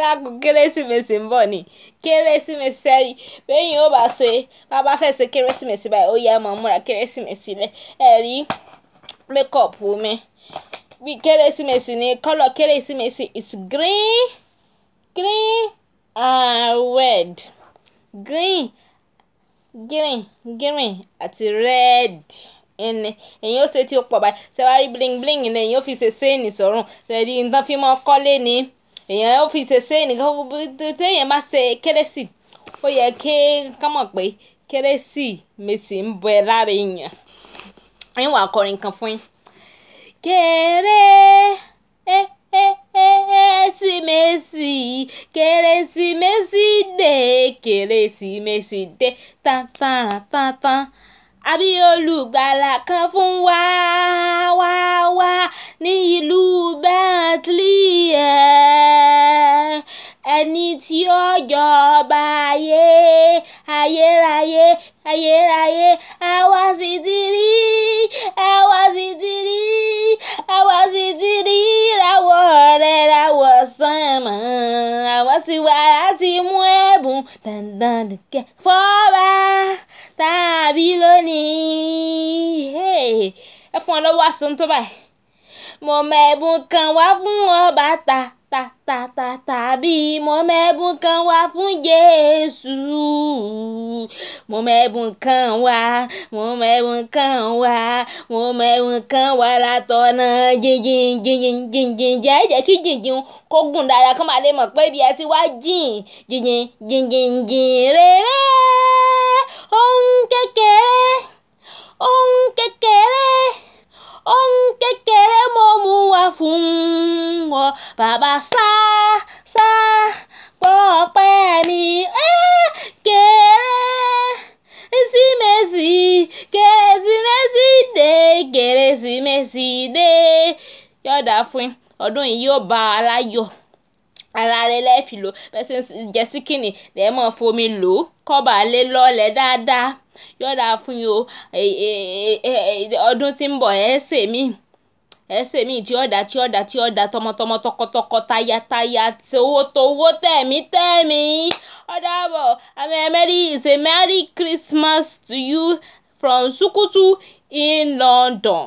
dákun kérésìmesì ń bọ̀ ni kérésìmesì sẹ́rí bẹ́yìn ó bá ṣe bá bá fẹ́ ṣe kérésìmesì báyìí ó yẹ ẹ mọ̀ múra kérésìmesì rẹ ẹ rí mékọ̀pù mi bí kérésìmesì ni kọ́lọ̀ kérésìmesì is green green and red green green green àti red ẹni ẹ̀yin ó ṣe tí ó pọ̀ báyìí ṣe wá rí bling bling ni ẹ̀yin ó fi ṣe séènì sọ̀rùn ṣe rí nǹkan fi mọ́ kọ́lé ni èèyàn ó fi ṣèṣe nìkan téèyàn bá ṣe kérésì ó yẹ kí ká mọ̀ pé kérésìmesì ń bẹ lára èèyàn ẹ̀yìn wà kọrin kan fún yín. kéré ẹ ẹ ẹ kérésìmesì kérésìmesì dé kérésìmesì dé tantan tantan àbí olùgbàlà kan fún wa wa wa ní ìlú jọba ayé ayérayé ayérayé àwa sì ti rí àwa sì ti rí àwa sì ti rí ìràwọ̀ rẹ̀ ràwọ̀ sánmọ̀ àwa sì wà láti mú ẹ̀bùn dandan kẹ fọ́ba tàbí lónìí ẹ fún ọ lọ́wọ́ àsun tó báyìí mo mọ ẹ̀bùn kan wá fún ọba ta ta ta ta ta àbí mo mẹ́bùn kan wá fún Jésù mo mẹ́bùn kan wá mo mẹ́bùn kan wá mo mẹ́bùn kan wá látọ̀nà jìnjìn jìnjìn jìnjìn jẹ́jẹ́ kí jìnjìn kó gùn dáadáa kó máa lè mọ̀ pé ibi ẹ ti wá jìn jìnjìn jìnjìn jìn rere ohun kékeré ohun kékeré ohun kékeré mo mú wá fún ọ bàbá sáà sá pọ̀pẹ́ mi eh, kéré kérésìmesì kérésìmesì dé kérésìmesì dé yọ̀dà fún yín ọdún yìí yóò bá aláyọ̀ ara rẹ lẹ́ẹ̀fì lò bẹ́ẹ̀ sì ń jẹ síkìnì lẹ́ẹ̀ mọ̀ fomi lò ó kọ́ba lé lọ́ọ̀lẹ́ dáadáa yọ̀dà fún yín o ọdún tí ń bọ̀ ẹ́ sèmí ẹsẹ̀ mi tí ọ̀dà tí ọ̀dà tí ọ̀dà tọmọtọmọ tọkọtọkọ tayataya towótowó tẹ̀mí tẹ̀mí ọ̀dà bọ̀ àmì ẹ̀mẹ́rì is a merry christmas to you from Sukutu in London.